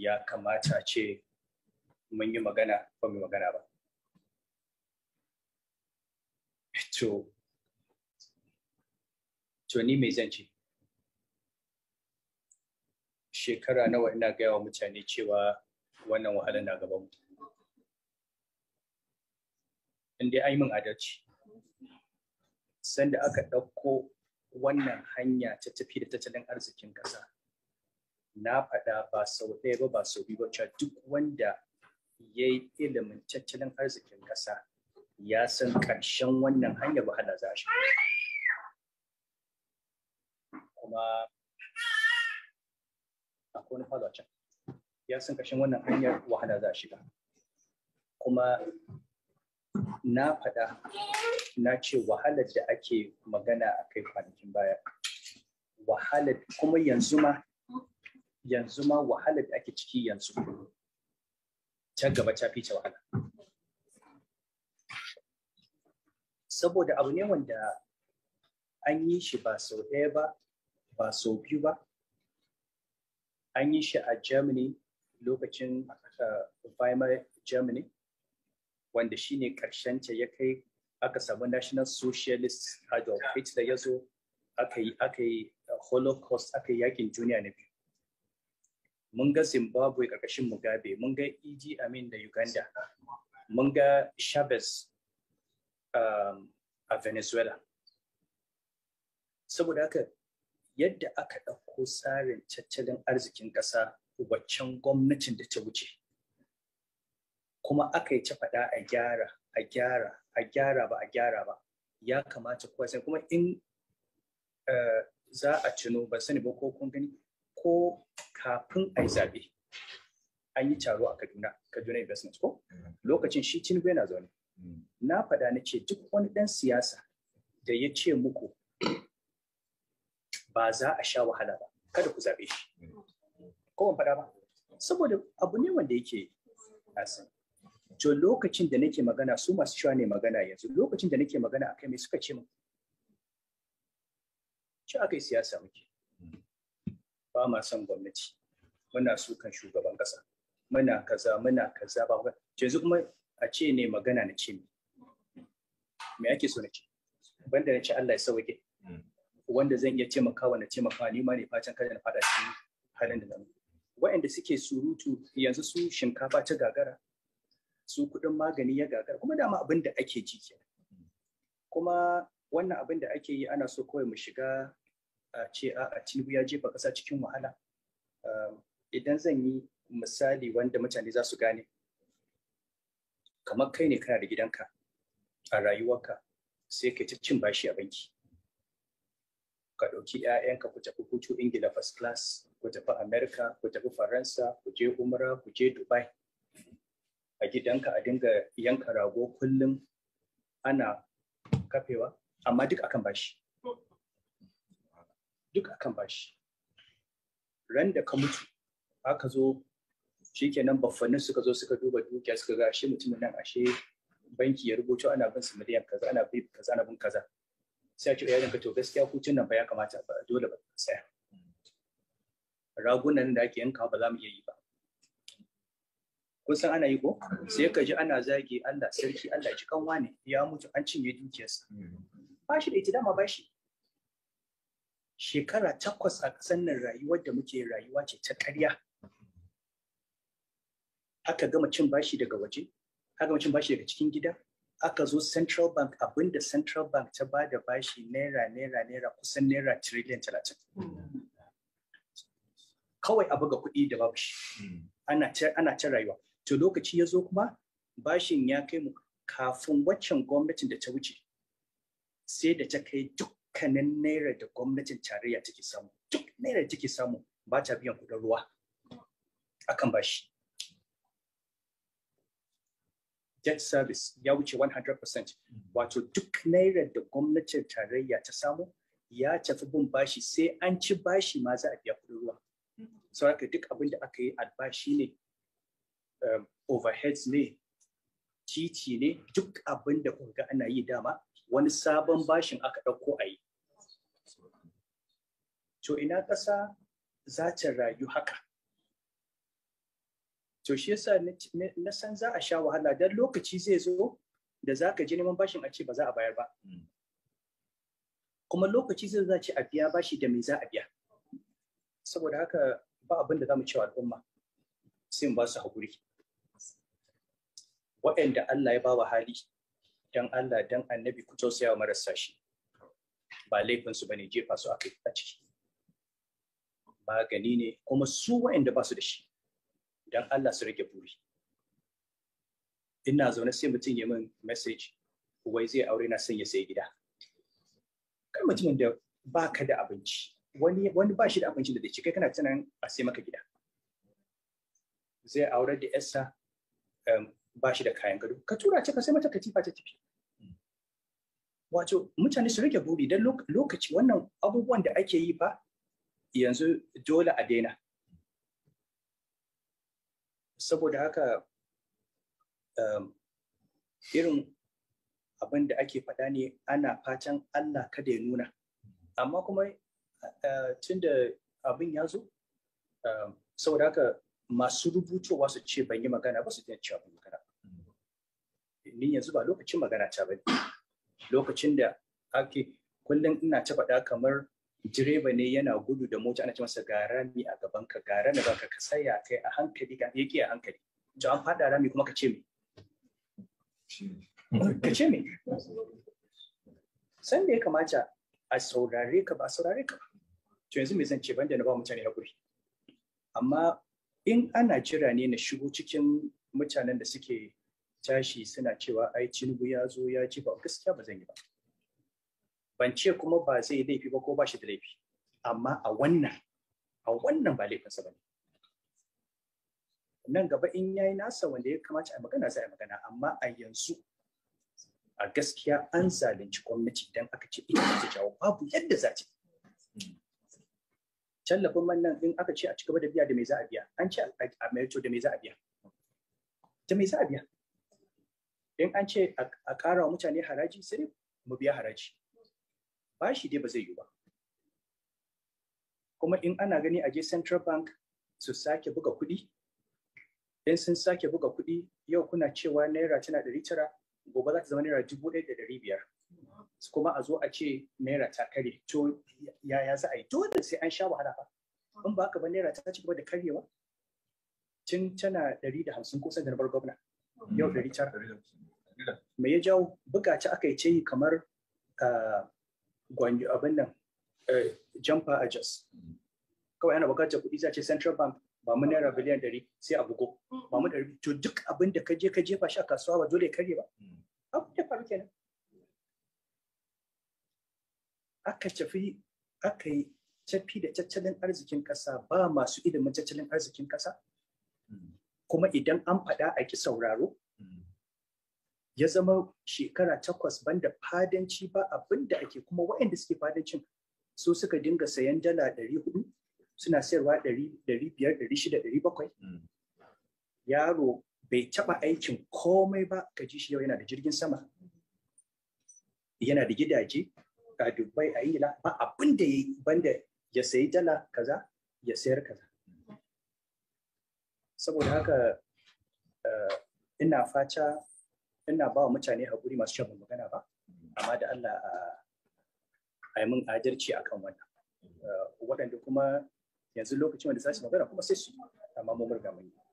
ya kamata ce mun yi magana ko mu magana ba to to ni mai zan ce shekara nawa ina gaya wa mutane cewa wannan wahalar na gaban mu inda ai min adalci sanda aka ɗauko wannan hanya ta tafi da tattalin arzikin ƙasa na faɗa ba sau ɗaya ba ba sau biyu ba cewa duk wanda ya yi ilimin tattalin arzikin ƙasa ya san ƙarshen wannan hanyar wahala za shi kuma akwai wani falo can ya san ƙarshen wannan hanyar wahala za shiga kuma na faɗa na ce wahalar da ake magana a kai kwanakin baya wahalar kuma yanzu ma yanzu ma wahala da ake ciki yanzu ta gaba ta fice wahala saboda abu ne wanda an yi shi ba sau ɗaya ba ba sau biyu ba an yi shi a germany lokacin weimar germany wanda shi shine ta ya kai aka samu national socialist adolf hitler ya zo aka yi eh, holocaust aka yi yakin duniya na biyu mun ga zimbabwe karkashin mugabe mun ga eg amin da uganda mun ga chavez um, a venezuela saboda haka yadda aka ɗauko tsarin tattalin arzikin ƙasa waccan gwamnatin da ta wuce kuma aka yi ta faɗa a gyara a gyara a gyara ba a gyara ba ya kamata kuwa sai kuma in uh, za a cino ba sani ba ko kun gani ko kafin a yi zaɓe an yi taro a kaduna kaduna investment ko lokacin shi tinubu yana zaune na faɗa na ce duk wani ɗan siyasa da ya ce muku ba za a sha wahala ba kada ku zaɓe shi Ko ban faɗa ba saboda abu ne wanda yake asin to lokacin da nake magana su masu sha ne magana yanzu lokacin da nake magana akai mai suka ce min ci aka yi siyasa muke ba ma son gwamnati muna sukan shugaban kasa muna kaza muna kaza ba yanzu kuma a ce ne magana na ce me ake so na ce banda na ce Allah ya sauke hmm. wanda zan iya taimakawa na taimakawa ni ma ne fatan kada na fada cikin halin da zan wa'anda suke surutu yanzu su shinkafa ta gagara su kuɗin magani ya gagara kuma dama abin da ake ji kenan kuma wannan abin da ake yi ana so kawai mu shiga a ce a tinubu ya jefa ƙasa cikin wahala idan zan yi misali wanda mutane za su gane kamar kai ne kana da gidanka a rayuwarka sai ka cin bashi a banki ka ɗauki 'ya'yanka ku tafi hutu ingila first class ku tafi america ku tafi faransa ku je umra ku je dubai a gidanka a dinga yanka rago kullum ana kafewa amma duk akan bashi duk akan bashi ran da ka mutu aka zo shikenan baffanin suka zo suka duba dukiya suka ga shi mutumin nan ashe banki ya rubuto ana bin su miliyan kaza ana bin kaza ana bin kaza sai a ce ya ka to gaskiya hutun nan ba ya kamata ba dole ba saya ragunan da ake yanka ba za mu iya yi ba kun san ana yi ko sai ka ji ana zagi Allah sarki Allah ji kanwa ne ya mutu an cinye dukiyarsa ba shi da ita dama ba shi shekara takwas a ƙasar nan rayuwar da muke rayuwa ce ta ƙarya aka gama cin bashi daga waje aka gama cin bashi daga cikin gida aka zo central bank abinda central bank ta ba da bashi naira naira naira kusan naira trillion talatin kawai a buga kuɗi da babu shi ana ta rayuwa to lokaci ya zo kuma bashin ya kai mu kafin waccan gwamnatin da ta wuce sai da ta kai dukkanin naira da gwamnatin tarayya take samu duk naira take samu ba ta biyan kuɗin ruwa akan bashi debt service ya wuce 100% mm. wato duk naira da gwamnatin tarayya ta samu ya tafi bin bashi sai an ci bashi ma za a biya kudin ruwa mm. sauraka duk abin da aka yi albashi ne um, overheads ne titi ne duk abin da ga ana yi dama wani sabon bashin aka ɗauko a yi to ina ƙasa za ta rayu haka yaushe shi yasa na san za a sha wahala dan lokaci zai zo da za ka je neman bashin a ce ba za a bayar ba hmm. kuma lokaci zai za ce a biya bashi da mai za a biya saboda haka ba abin da za mu cewa al'umma sai mu ba su haƙuri waɗanda Allah ya ba wa hali dan Allah dan annabi ku tausaya wa marasa shi ba laifinsu ba ne jefa su a ciki magani ne kuma su waɗanda ba su da shi idan Allah su rage buri ina zaune sai mutum ya min message wai zai aure na son ya sayi gida kai mutumin da baka da abinci wani wani ba shi da abincin da ci kai kana tunanin a sai maka gida zai aure da yarsa ba shi da kayan gado ka tura ce ka sai mata katifa ta tafi wato mutane su rage buri dan lokaci wannan abubuwan da ake yi ba yanzu dole a daina saboda haka um, irin abin da ake faɗa ne ana fatan Allah kada ya nuna amma kuma eh, tun da abin ya zo um, saboda haka masu rubutowa su ce ban yi magana ba su ce cewa magana ni yanzu ba lokacin magana ta ba lokacin da ake kullum ina ta faɗa kamar direba ne yana gudu da mota ana ce masa ga rami a gaban ka ga rami ba ka saya kai a hankali ga yake a hankali to an fada rami kuma ka ce me ka ce me san da ya kamata a saurare ka ba a saurare ka to yanzu me zan ce banda na ba mutane hakuri amma in ana jira ne na shigo cikin mutanen da suke tashi suna cewa ai cinubu ya zo ya ci ba gaskiya ba zan yi ba ban ce kuma ba zai laifi ba ko ba shi da laifi amma a wannan a wannan ba laifinsa ba ne nan gaba in yayi nasa wanda ya kamata a magana sai a magana amma a yanzu a gaskiya an zalunci gwamnati dan aka ce ita ta jawo babu yadda za ta tallafin man nan in aka ce a cigaba da biya da me za a biya an ce a merito da me za a biya da me za a biya in an ce a ƙara wa mutane haraji sai mu biya haraji bashi dai ba zai yi ba kuma in ana gani a je central bank su sake buga kuɗi in sun sake buga kuɗi yau kuna cewa naira tana ɗari tara gobe za ta zama naira dubu ɗaya da ɗari biyar kuma a zo a ce naira ta kare to yaya za a yi dole sai an sha wahala ba in ba haka ba naira ta ci gaba da karyewa tun tana ɗari da hamsin kusan da na bar gwamna yau ɗari tara me ya jawo buga ta aka yi ce kamar ah, gwanjo abin nan eh, jamfa a jos kawai ana bukatar kuɗi za ce central bank ba mu naira biliyan ɗari sai a bugo ba mu ɗari to duk abin da ka je ka jefa shi a kasuwa ba dole ya karye ba hmm. abin da faru kenan aka tafi aka yi tafi da tattalin arzikin kasa ba masu ilimin tattalin arzikin ƙasa hmm. kuma idan an faɗa a ki sauraro ya zama shekara takwas banda fadanci ba abin da ake kuma waɗanda suke fadancin su suka dinga sayan dala ɗari hudu suna sayarwa ɗari biyar ɗari shida ɗari bakwai hmm. yaro bai taɓa aikin komai ba ka ji shi yau yana da jirgin sama yana da gidaje a Dubai a Ingila ba abin da yi banda ya sayi dala kaza ya sayar kaza saboda haka eh, ina fata ina ba wa mutane haƙuri masu shan magana ba amma da Allah a yi mun adalci akan wannan eh, waɗanda kuma yanzu lokacin da za su magana kuma sai su amma mu murga mun yi